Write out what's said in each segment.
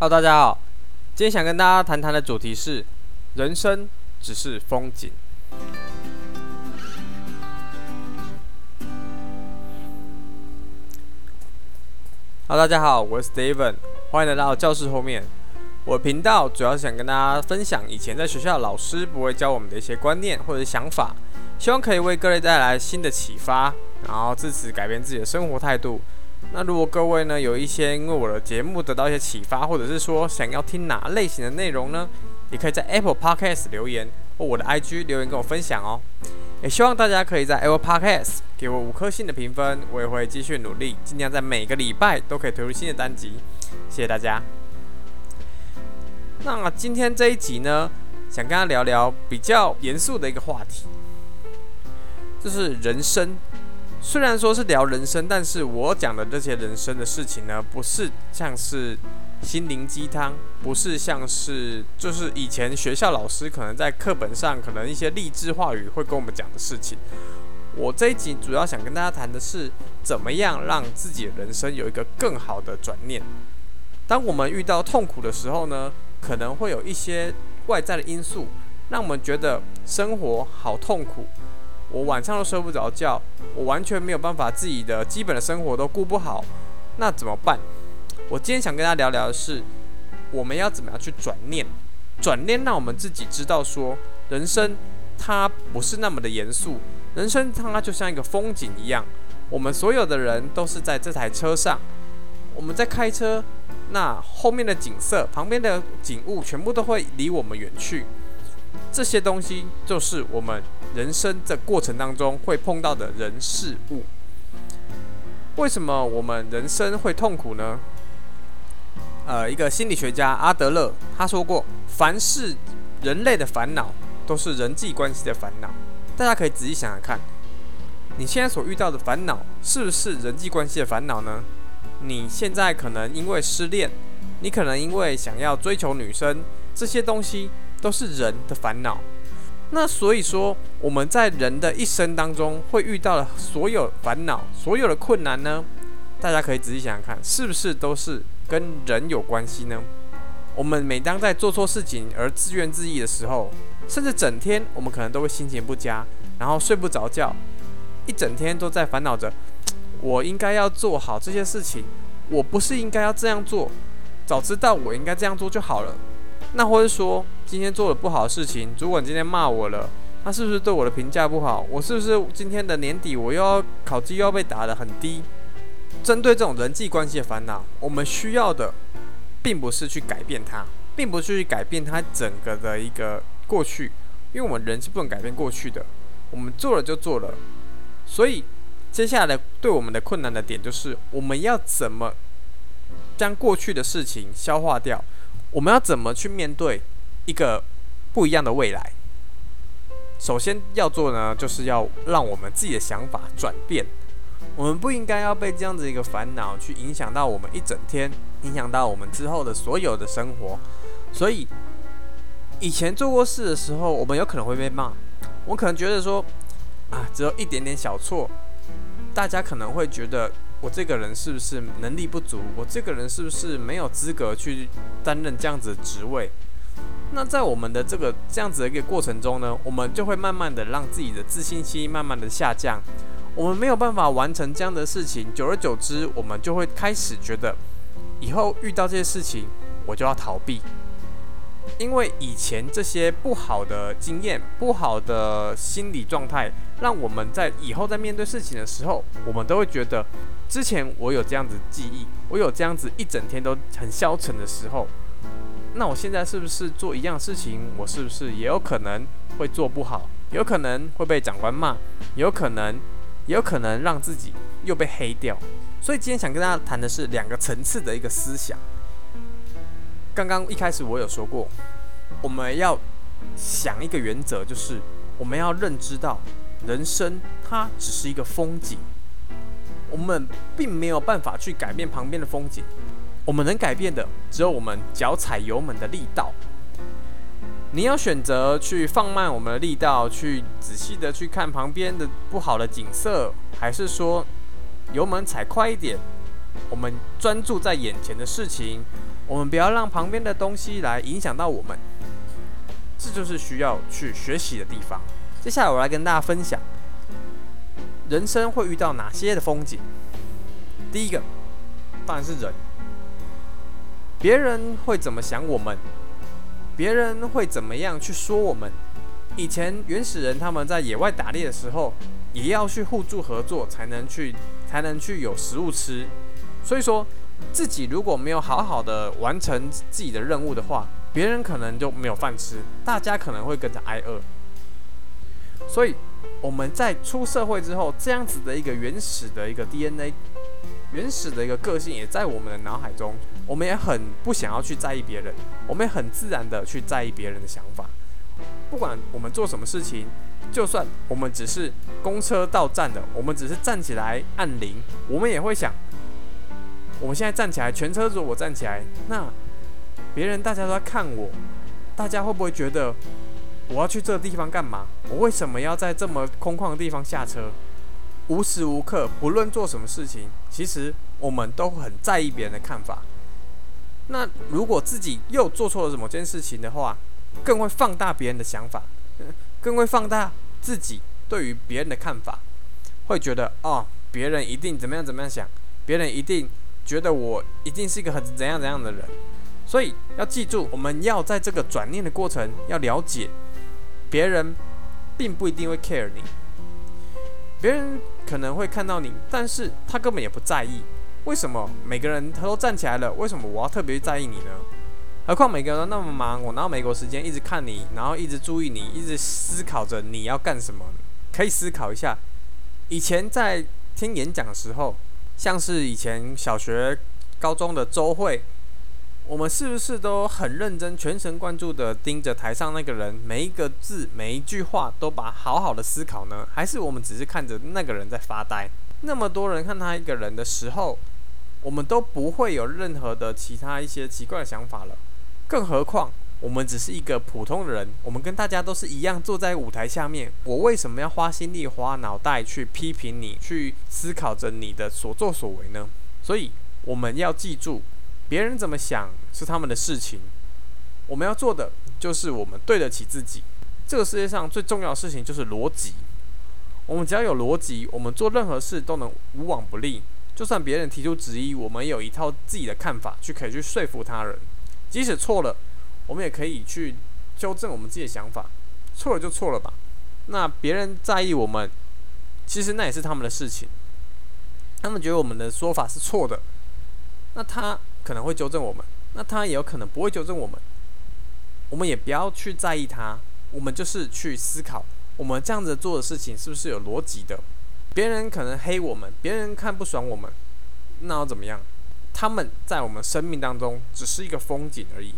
哈嘍，大家好。今天想跟大家談談的主題是“人生只是風景”。哈嘍，大家好，我是 Steven，歡迎來到教室後面。我頻道主要是想跟大家分享以前在學校老師不會教我們的一些觀念或者想法，希望可以為各位帶來新的啟發，然後自此改變自己的生活態度。那如果各位呢，有一些因為我的節目得到一些啟發，或者是說想要聽哪類型的內容呢，也可以在 Apple Podcast 留言或我的 IG 留言跟我分享哦。也希望大家可以在 Apple Podcast 給我五顆星的評分，我也會繼續努力，盡量在每個禮拜都可以推出新的單集。謝謝大家。那今天這一集呢，想跟大家聊聊比較嚴肅的一個話題，就是人生。雖然說是聊人生，但是我講的這些人生的事情呢，不是像是心靈雞湯，不是像是就是以前學校老師可能在課本上可能一些勵志話語會跟我們講的事情。我這一集主要想跟大家談的是，怎麼樣讓自己的人生有一個更好的轉念。當我們遇到痛苦的時候呢，可能會有一些外在的因素，讓我們覺得生活好痛苦。我晚上都睡不着覺，我完全沒有辦法，自己的基本的生活都顧不好，那怎麼辦？我今天想跟大家聊聊的是，我們要怎麼樣去轉念，轉念，讓我們自己知道說，人生它不是那麼的嚴肅，人生它就像一個風景一樣，我們所有的人都是在這台車上，我們在開車，那後面的景色，旁邊的景物，全部都會離我們遠去。這些東西就是我們人生的過程當中會碰到的人事物。為什麼我們人生會痛苦呢？呃，一個心理學家阿德勒他說過，凡是人類的煩惱都是人際關係的煩惱。大家可以仔細想想看，你現在所遇到的煩惱是不是人際關係的煩惱呢？你現在可能因為失戀，你可能因為想要追求女生，這些東西。都是人的煩惱，那所以說，我們在人的一生當中會遇到的所有煩惱、所有的困難呢，大家可以仔細想想看，是不是都是跟人有關係呢？我們每當在做錯事情而自怨自艾的時候，甚至整天我們可能都會心情不佳，然後睡不着覺，一整天都在煩惱着，我應該要做好這些事情，我不是應該要這樣做，早知道我應該這樣做就好了。那或者說今天做了不好的事情，主管今天罵我了，他是不是對我的評價不好？我是不是今天的年底我又要考績又要被打得很低？針對這種人際關係的煩惱，我們需要的並不是去改變它，並不是去改變它整個的一個過去，因為我們人是不能改變過去的，我們做了就做了。所以接下來對我們的困難的點就是我們要怎麼將過去的事情消化掉。我們要怎麼去面對一個不一樣的未來？首先要做呢，就是要讓我們自己的想法轉變。我們不應該要被這樣子一個煩惱去影響到我們一整天，影響到我們之後的所有的生活。所以以前做過事的時候，我們有可能會被罵，我可能覺得說，啊，只有一點點小錯，大家可能會覺得。我這個人是不是能力不足？我這個人是不是沒有資格去擔任這樣子的職位？那在我們的這個這樣子的一個過程中呢，我們就會慢慢的讓自己的自信心慢慢的下降。我們沒有辦法完成這樣的事情，久而久之，我們就會開始覺得，以後遇到這些事情，我就要逃避。因為以前這些不好的經驗、不好的心理狀態。讓我們在以後在面對事情的時候，我們都會覺得，之前我有這樣子記憶，我有這樣子一整天都很消沉的時候，那我現在是不是做一樣事情，我是不是也有可能會做不好，有可能會被長官罵，有可能，也有可能讓自己又被黑掉。所以今天想跟大家談的是兩個層次的一個思想。剛剛一開始我有說過，我們要想一個原則，就是我們要認知到。人生它只是一個風景，我們並沒有辦法去改變旁邊的風景，我們能改變的只有我們腳踩油門的力道。你要選擇去放慢我們的力道，去仔細的去看旁邊的不好的景色，還是說油門踩快一點？我們專注在眼前的事情，我們不要讓旁邊的東西來影響到我們，這就是需要去學習的地方。接下來我來跟大家分享，人生會遇到哪些的風景。第一個，當然是人。別人會怎麼想我們？別人會怎麼樣去說我們？以前原始人他們在野外打獵的時候，也要去互助合作才能去，才能去有食物吃。所以說，自己如果沒有好好的完成自己的任務的話，別人可能就沒有飯吃，大家可能會跟着挨餓。所以，我們在出社會之後，這樣子的一個原始的一個 DNA，原始的一個個性，也在我們的腦海中。我們也很不想要去在意別人，我們也很自然的去在意別人的想法。不管我們做什麼事情，就算我們只是公車到站了，我們只是站起來按鈴，我們也會想，我們現在站起來，全車如果我站起來，那別人大家都在看我，大家會不會覺得？我要去這個地方幹嘛？我為什麼要在這麼空曠的地方下車？無時無刻，不論做什麼事情，其實我們都很在意別人的看法。那如果自己又做錯了某件事情的話，更會放大別人的想法，更會放大自己對於別人的看法，會覺得哦，別人一定怎麼樣怎麼樣想，別人一定覺得我一定是一個很怎樣怎樣的人。所以要記住，我們要在這個轉念的過程要了解。別人並不一定會 care 你，別人可能會看到你，但是他根本也不在意。為什麼每個人他都站起來了？為什麼我要特別在意你呢？何況每個人都那麼忙，我哪有美國時間一直看你，然後一直注意你，一直思考着你要幹什麼？可以思考一下。以前在聽演講的時候，像是以前小學、高中的週會。我們是不是都很認真、全神貫注地盯着台上那個人，每一個字、每一句話都把好好的思考呢？還是我們只是看着那個人在發呆？那麼多人看他一個人的時候，我們都不會有任何的其他一些奇怪的想法了。更何況我們只是一個普通的人，我們跟大家都是一樣坐在舞台下面。我為什麼要花心力、花腦袋去批評你，去思考着你的所作所為呢？所以我們要記住。別人怎麼想是他們的事情，我們要做的就是我們對得起自己。這個世界上最重要的事情就是邏輯。我們只要有邏輯，我們做任何事都能無往不利。就算別人提出質疑，我們有一套自己的看法去可以去說服他人。即使錯了，我們也可以去糾正我們自己的想法。錯了就錯了吧。那別人在意我們，其實那也是他們的事情。他們覺得我們的說法是錯的，那他……可能會糾正我們，那他也有可能不會糾正我們，我們也不要去在意他，我們就是去思考，我們這樣子做的事情是不是有邏輯的？別人可能黑我們，別人看不爽我們，那又怎麼樣？他們在我們生命當中只是一個風景而已。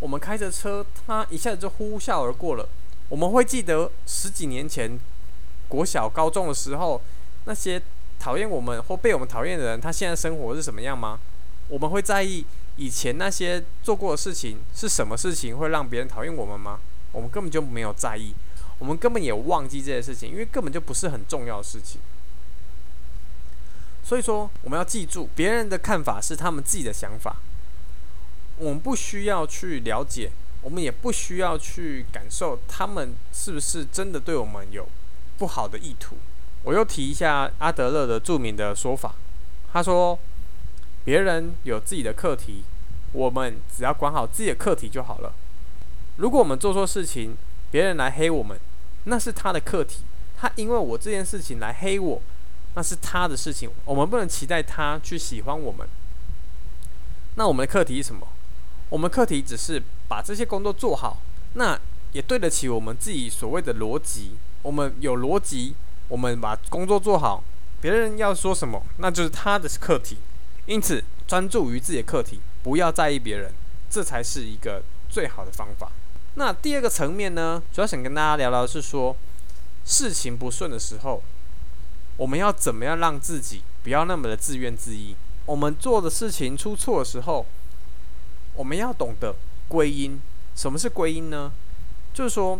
我們開着車，他一下子就呼嘯而過了。我們會記得十幾年前，國小、高中的時候，那些討厭我們或被我們討厭的人，他現在生活是什麼樣嗎？我們會在意以前那些做過的事情是什麼事情，會讓別人討厭我們嗎？我們根本就沒有在意，我們根本也忘記這些事情，因為根本就不是很重要的事情。所以說，我們要記住，別人的看法是他們自己的想法，我們不需要去了解，我們也不需要去感受他們是不是真的對我們有不好的意圖。我又提一下阿德勒的著名的說法，他說，別人有自己的課題，我們只要管好自己的課題就好了。如果我們做錯事情，別人來黑我們，那是他的課題。他因為我這件事情來黑我，那是他的事情。我們不能期待他去喜歡我們。那我們的課題是什麼？我們課題只是把這些工作做好，那也對得起我們自己所謂的邏輯。我們有邏輯，我們把工作做好，別人要說什麼，那就是他的課題。因此，專注於自己的課題，不要在意別人，這才是一個最好的方法。那第二個層面呢，主要想跟大家聊聊的是說，事情不順的時候，我們要怎麼樣讓自己不要那麼的自怨自艾。我們做的事情出錯的時候，我們要懂得歸因。什麼是歸因呢？就是說，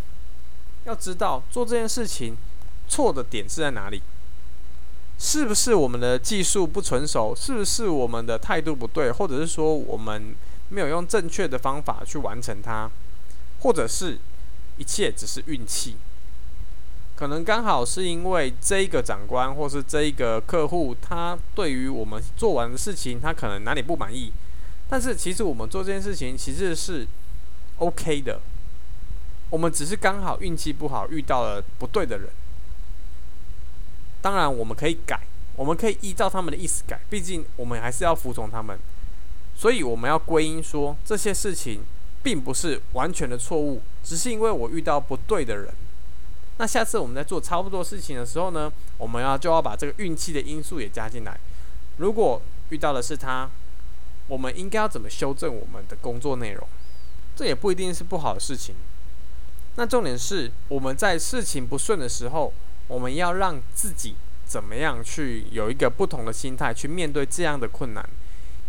要知道做這件事情錯的點是在哪裡。是不是我們的技術不成熟？是不是我們的態度不對？或者是說我們沒有用正確的方法去完成它？或者是一切只是運氣？可能剛好是因為這一個長官或是這一個客戶，他對於我們做完的事情，他可能哪裡不滿意。但是其實我們做這件事情其實是 OK 的，我們只是剛好運氣不好，遇到了不對的人。當然，我們可以改，我們可以依照他們的意思改，畢竟我們還是要服從他們，所以我們要歸因說這些事情並不是完全的錯誤，只是因為我遇到不對的人。那下次我們在做差不多事情的時候呢，我們要就要把這個運氣的因素也加進來。如果遇到的是他，我們應該要怎麼修正我們的工作內容？這也不一定是不好的事情。那重點是我們在事情不順的時候。我們要讓自己怎麼樣去有一個不同的心態去面對這樣的困難？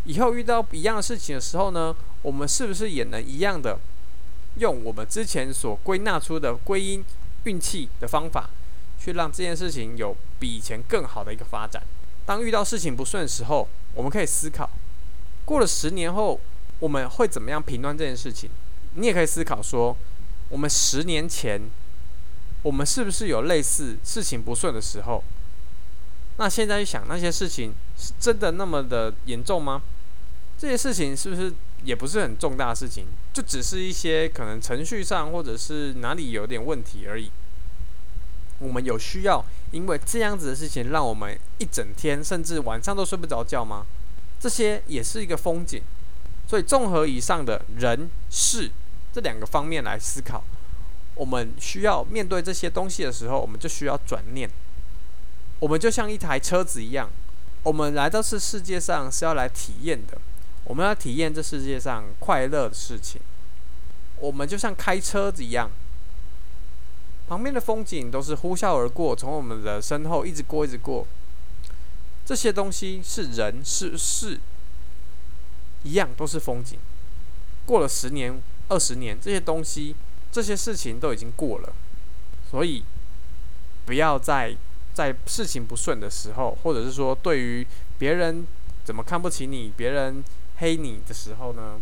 以後遇到一樣的事情的時候呢，我們是不是也能一樣的用我們之前所歸納出的歸因運氣的方法，去讓這件事情有比以前更好的一個發展？當遇到事情不順的時候，我們可以思考，過了十年後我們會怎麼樣評斷這件事情？你也可以思考說，我們十年前。我們是不是有類似事情不順的時候？那現在去想那些事情，是真的那麼的嚴重嗎？這些事情是不是也不是很重大的事情，就只是一些可能程序上或者是哪裡有點問題而已。我們有需要因為這樣子的事情讓我們一整天甚至晚上都睡不着覺嗎？這些也是一個風景，所以綜合以上的人事這兩個方面來思考。我們需要面對這些東西的時候，我們就需要轉念。我們就像一台車子一樣，我們來到這世界上是要來體驗的，我們要體驗這世界上快樂的事情。我們就像開車子一樣，旁邊的風景都是呼嘯而過，從我們的身後一直過，一直過。這些東西是人，是事，一樣都是風景。過了十年、二十年，這些東西。這些事情都已經過了，所以不要再在，在事情不順的時候，或者是說對於別人怎麼看不起你、別人黑你的時候呢，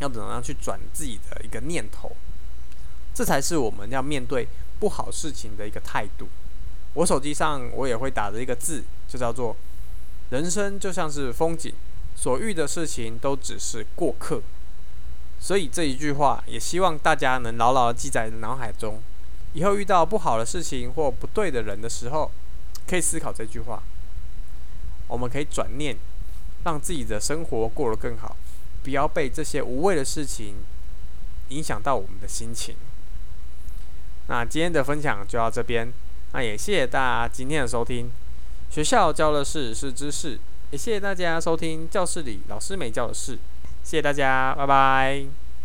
要怎麼樣去轉自己的一個念頭？這才是我們要面對不好事情的一個態度。我手機上我也會打着一個字，就叫做“人生就像是風景，所遇的事情都只是過客”。所以這一句話，也希望大家能牢牢的記在腦海中。以後遇到不好的事情或不對的人的時候，可以思考這句話。我們可以轉念，讓自己的生活過得更好，不要被這些無謂的事情影響到我們的心情。那今天的分享就到這邊，那也謝謝大家今天的收聽。學校教的事是知識，也謝謝大家收聽教室裡老師沒教的事。謝謝大家，拜拜。